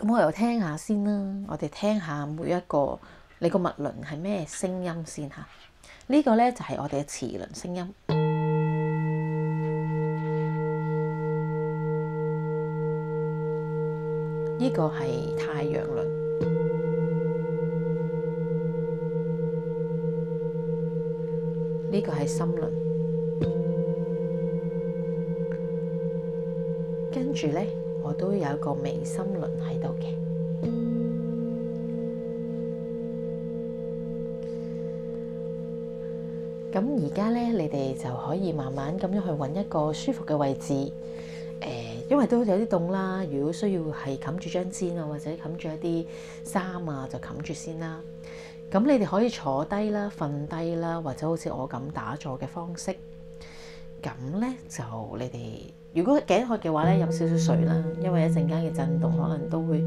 咁我又聽下先啦，我哋聽下每一個你個脈輪係咩聲音先嚇？呢個咧就係我哋嘅臍輪聲音，呢個係太陽輪，呢個係心輪，跟住咧。我都有一個微心輪喺度嘅。咁而家咧，你哋就可以慢慢咁樣去揾一個舒服嘅位置。誒、呃，因為都有啲凍啦，如果需要係冚住張氈啊，或者冚住一啲衫啊，就冚住先啦。咁你哋可以坐低啦、瞓低啦，或者好似我咁打坐嘅方式。咁咧就你哋。如果頸渴嘅話呢，飲少少水啦，因為一陣間嘅震動可能都會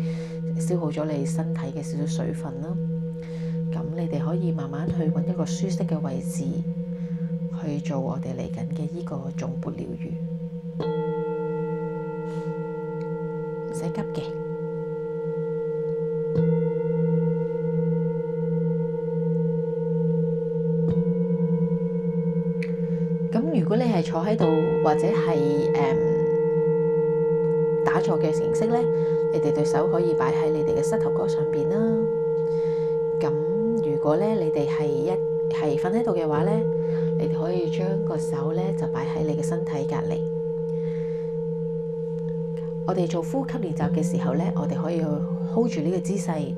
消耗咗你身體嘅少少水分啦。咁你哋可以慢慢去揾一個舒適嘅位置，去做我哋嚟緊嘅呢個頌缽療癒。唔使急嘅。如果你係坐喺度，或者係誒、嗯、打坐嘅形式咧，你哋對手可以擺喺你哋嘅膝頭哥上邊啦。咁如果咧，你哋係一係瞓喺度嘅話咧，你可以將個手咧就擺喺你嘅身體隔離。我哋做呼吸練習嘅時候咧，我哋可以去 hold 住呢個姿勢。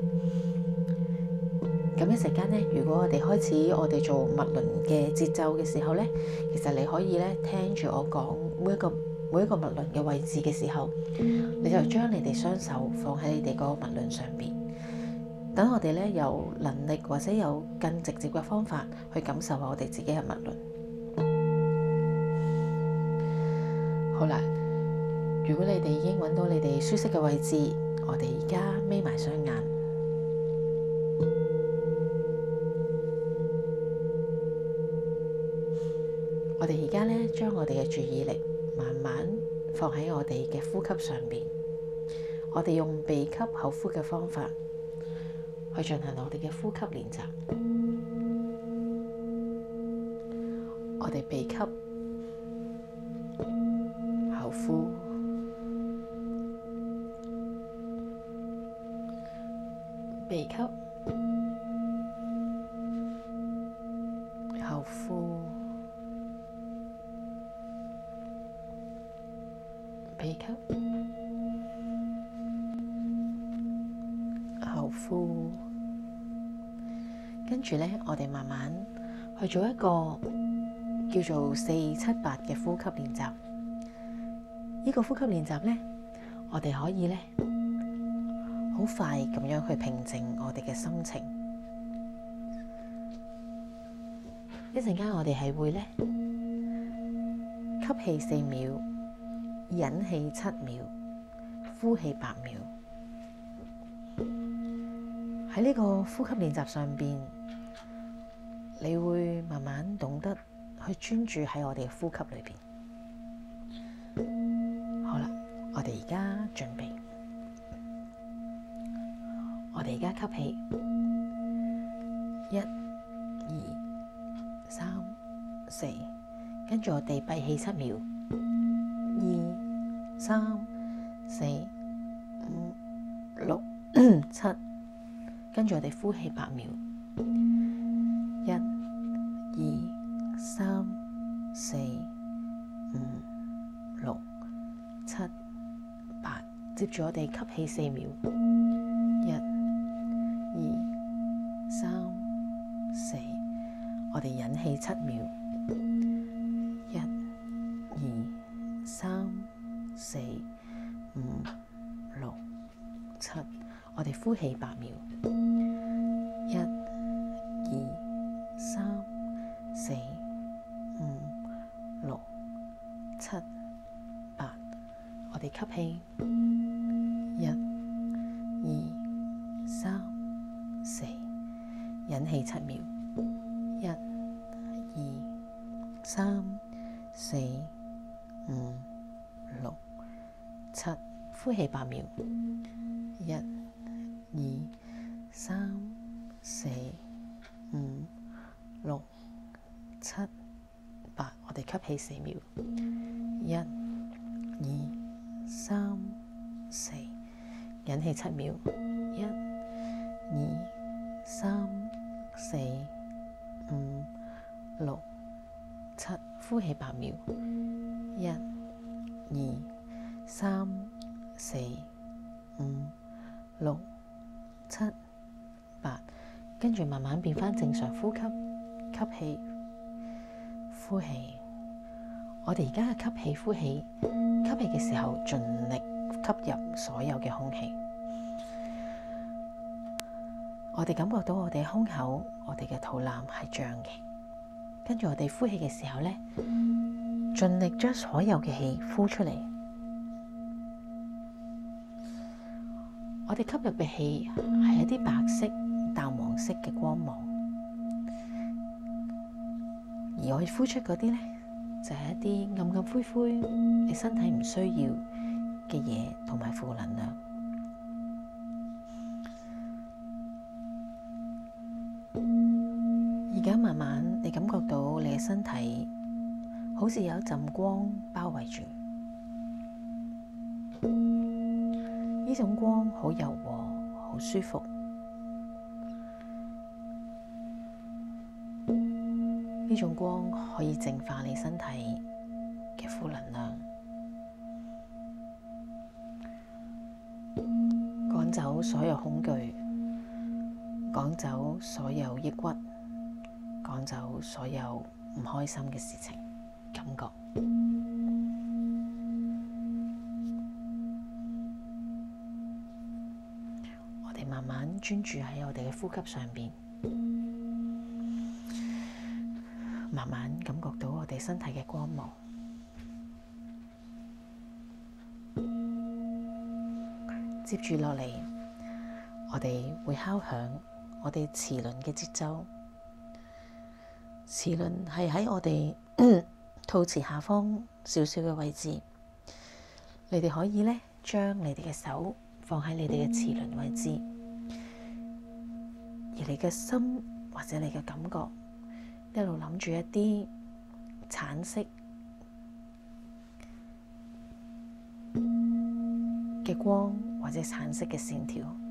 咁一陣間咧，如果我哋開始我哋做脈輪嘅節奏嘅時候咧，其實你可以咧聽住我講每一個每一個脈輪嘅位置嘅時候，你就將你哋雙手放喺你哋嗰個脈輪上邊，等我哋咧有能力或者有更直接嘅方法去感受下我哋自己嘅脈輪。好啦，如果你哋已經揾到你哋舒適嘅位置，我哋而家眯埋雙眼。我哋而家呢，將我哋嘅注意力慢慢放喺我哋嘅呼吸上面。我哋用鼻吸口呼嘅方法去進行我哋嘅呼吸練習。我哋鼻吸口呼，鼻吸口呼。後呼，跟住咧，我哋慢慢去做一個叫做四七八嘅呼吸練習。呢個呼吸練習咧，我哋可以咧，好快咁樣去平靜我哋嘅心情。一陣間，我哋係會咧吸氣四秒。忍氣七秒，呼氣八秒。喺呢個呼吸練習上邊，你會慢慢懂得去專注喺我哋嘅呼吸裏邊。好啦，我哋而家準備，我哋而家吸氣，一、二、三、四，跟住我哋閉氣七秒。三、四、五、六、七，跟住我哋呼氣八秒。一、二、三、四、五、六、七、八，接住我哋吸氣四秒。一、二、三、四，我哋引氣七秒。呼氣八秒，一、二、三、四、五、六、七、八。我哋吸氣，一、二、三、四，引氣七秒，一、二、三、四、五、六、七。呼氣八秒，一，二三四五六七八，我哋吸氣四秒，一二三四，引氣七秒，一二三四五六七，呼氣八秒，一二三四五六。七、八，跟住慢慢變翻正常呼吸，吸氣、呼氣。我哋而家嘅吸氣、呼氣，吸氣嘅時候盡力吸入所有嘅空氣。我哋感覺到我哋胸口、我哋嘅肚腩係脹嘅，跟住我哋呼氣嘅時候咧，盡力將所有嘅氣呼出嚟。我哋吸入嘅氣係一啲白色、淡黃色嘅光芒，而我哋呼出嗰啲呢，就係一啲暗暗灰灰、你身體唔需要嘅嘢同埋負能量。而家慢慢你感覺到你嘅身體好似有一陣光包圍住。呢種光好柔和，好舒服。呢種光可以淨化你身體嘅負能量，趕走所有恐懼，趕走所有抑鬱，趕走所有唔開心嘅事情，感覺。專注喺我哋嘅呼吸上邊，慢慢感覺到我哋身體嘅光芒。Okay. 接住落嚟，我哋會敲響我哋臍輪嘅節奏。臍輪係喺我哋肚臍下方少少嘅位置。你哋可以咧，將你哋嘅手放喺你哋嘅臍輪位置。而你嘅心或者你嘅感覺，一路諗住一啲橙色嘅光或者橙色嘅線條。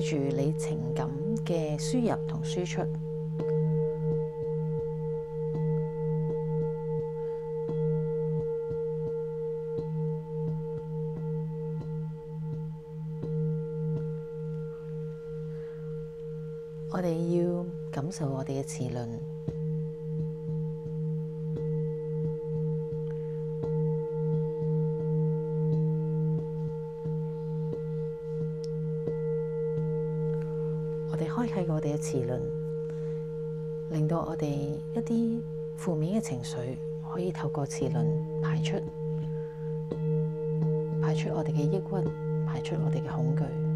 跟住你情感嘅輸入同輸出， 我哋要感受我哋嘅臍輪。我哋一啲負面嘅情緒，可以透過脈輪排出，排出我哋嘅抑鬱，排出我哋嘅恐懼。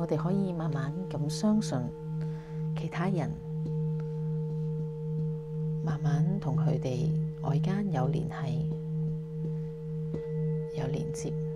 我哋可以慢慢咁相信其他人，慢慢同佢哋外間有聯繫，有連接。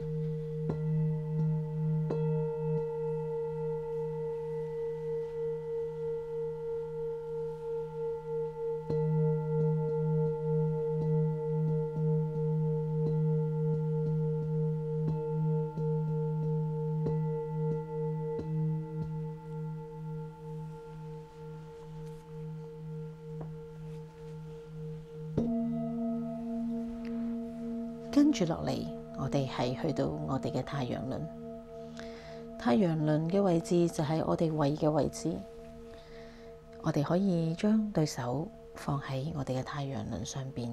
跟住落嚟，我哋係去到我哋嘅太陽輪。太陽輪嘅位置就係我哋胃嘅位置。我哋可以將對手放喺我哋嘅太陽輪上邊。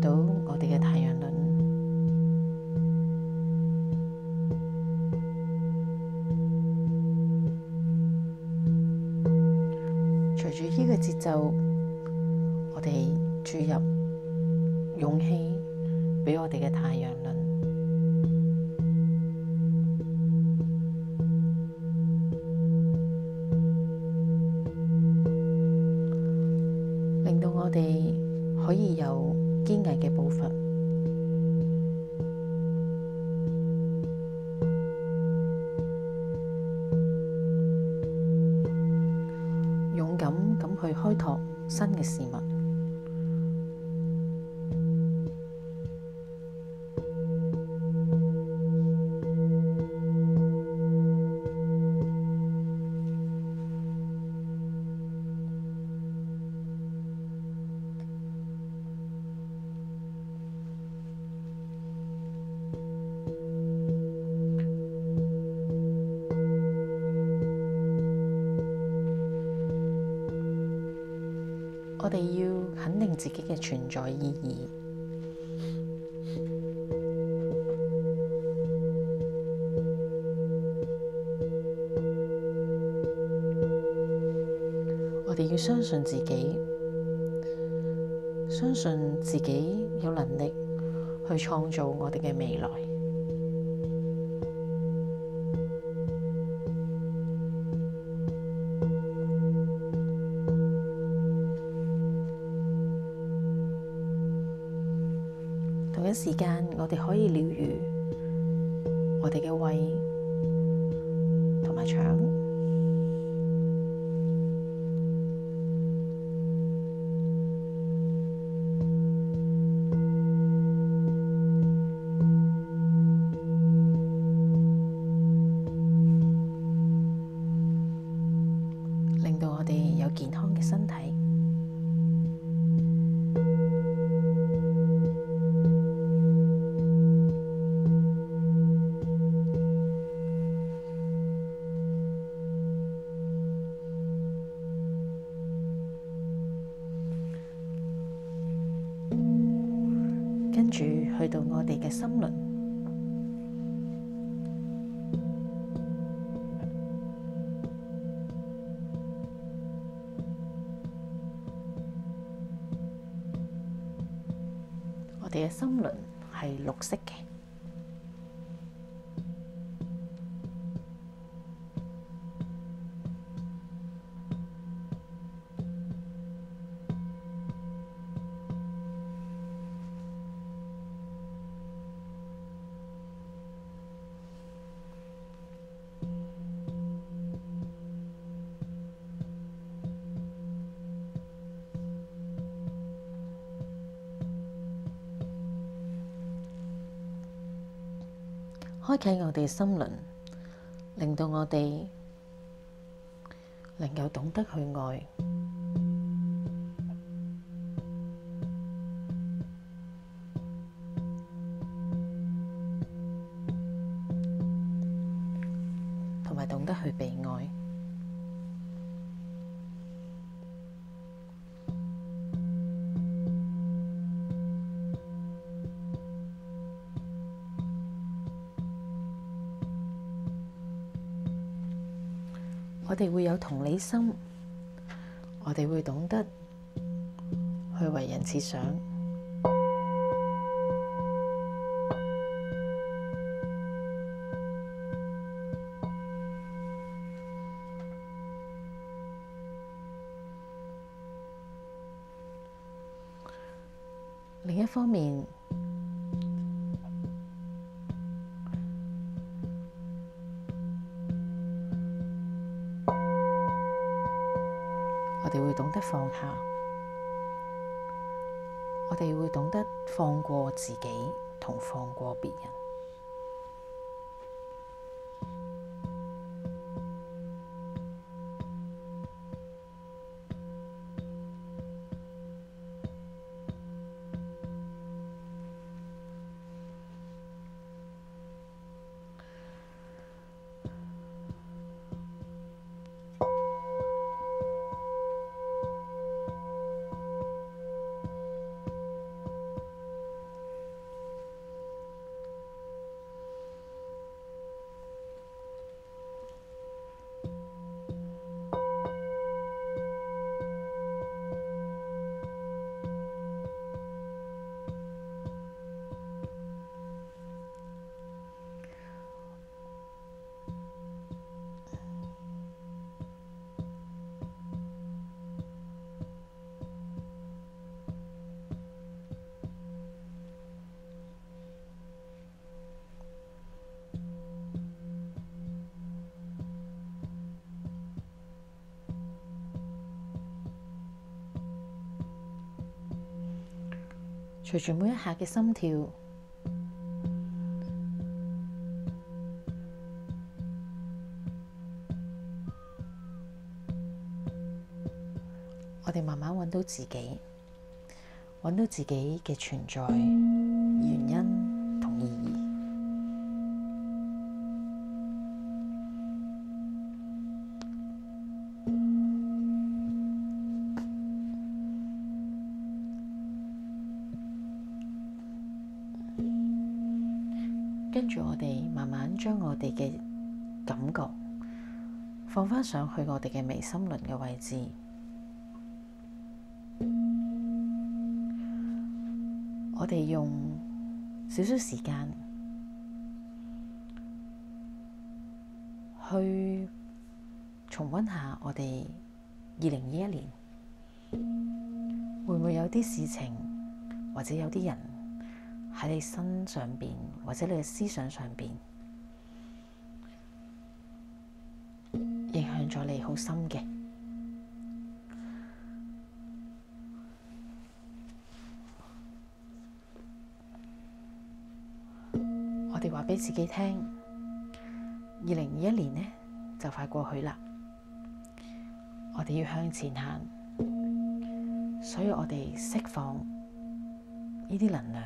到我哋嘅太陽輪，隨住呢個節奏，我哋注入勇氣畀我哋嘅太陽。去開拓新嘅事物。存在意義，我哋要相信自己，相信自己有能力去創造我哋嘅未來。你嘅心輪係綠色嘅。喺我哋心輪，令到我哋能夠懂得去愛，同埋懂得去被愛。我哋會有同理心，我哋會懂得去為人設想。另一方面，放下，我哋會懂得放過自己，同放過別人。隨住每一下嘅心跳， 我哋慢慢揾到自己，揾到自己嘅存在。 感覺放返上去我哋嘅眉心輪嘅位置，我哋用少少時間去重温下我哋二零二一年，會唔會有啲事情或者有啲人喺你身上邊，或者你嘅思想上邊？在嚟好深嘅，我哋話俾自己聽，二零二一年呢就快過去啦，我哋要向前行，所以我哋釋放呢啲能量，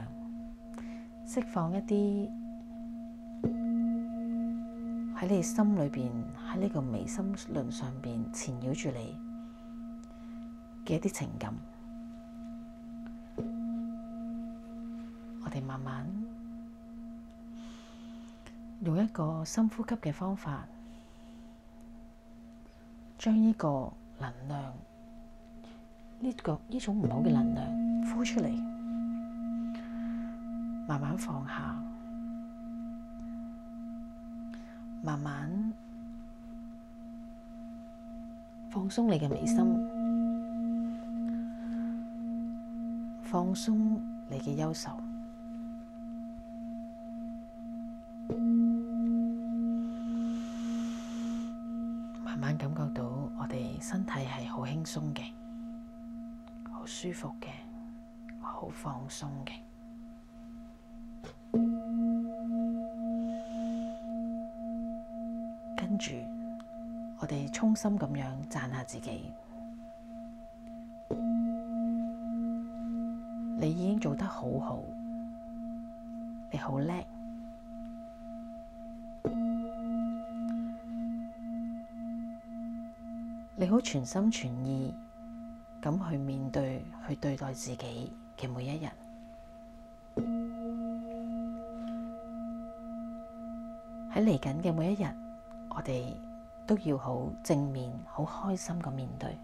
釋放一啲。喺你哋心裏邊，喺呢個微心輪上邊纏繞住你嘅一啲情感，我哋慢慢用一個深呼吸嘅方法，將呢個能量，呢個呢種唔好嘅能量呼出嚟，慢慢放下。慢慢放鬆你嘅眉心，放鬆你嘅憂愁，慢慢感覺到我哋身體係好輕鬆嘅，好舒服嘅，好放鬆嘅。衷心咁樣讚下自己，你已經做得好好，你好叻，你好全心全意咁去面對、去對待自己嘅每一日。喺嚟緊嘅每一日，我哋。都要好正面、好開心咁面對，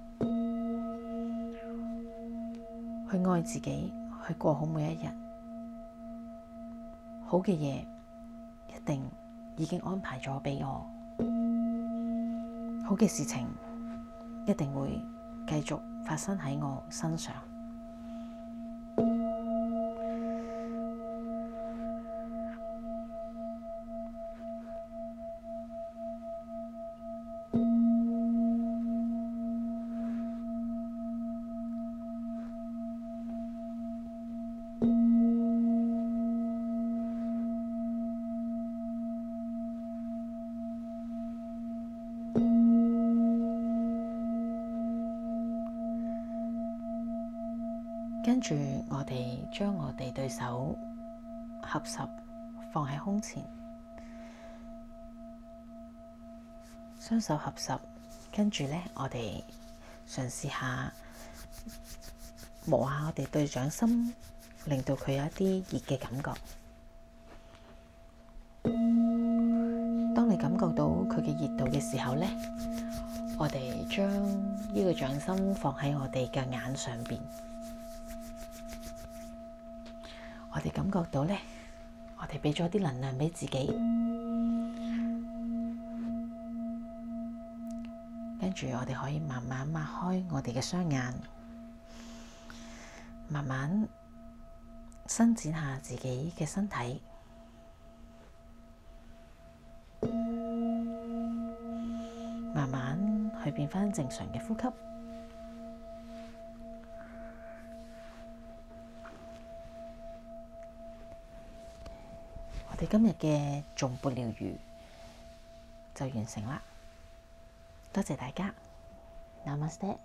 去愛自己，去過好每一日。好嘅嘢一定已經安排咗畀我，好嘅事情一定會繼續發生喺我身上。跟住，我哋將我哋對手合十放喺胸前，雙手合十。跟住咧，我哋嘗試下磨下我哋對掌心，令到佢有一啲熱嘅感覺。當你感覺到佢嘅熱度嘅時候咧，我哋將呢個掌心放喺我哋嘅眼上邊。感覺到呢，我哋俾咗啲能量俾自己，跟住我哋可以慢慢擘開我哋嘅雙眼，慢慢伸展下自己嘅身體，慢慢去變翻正常嘅呼吸。我哋今日嘅頌缽療癒就完成啦，多謝大家，Namaste。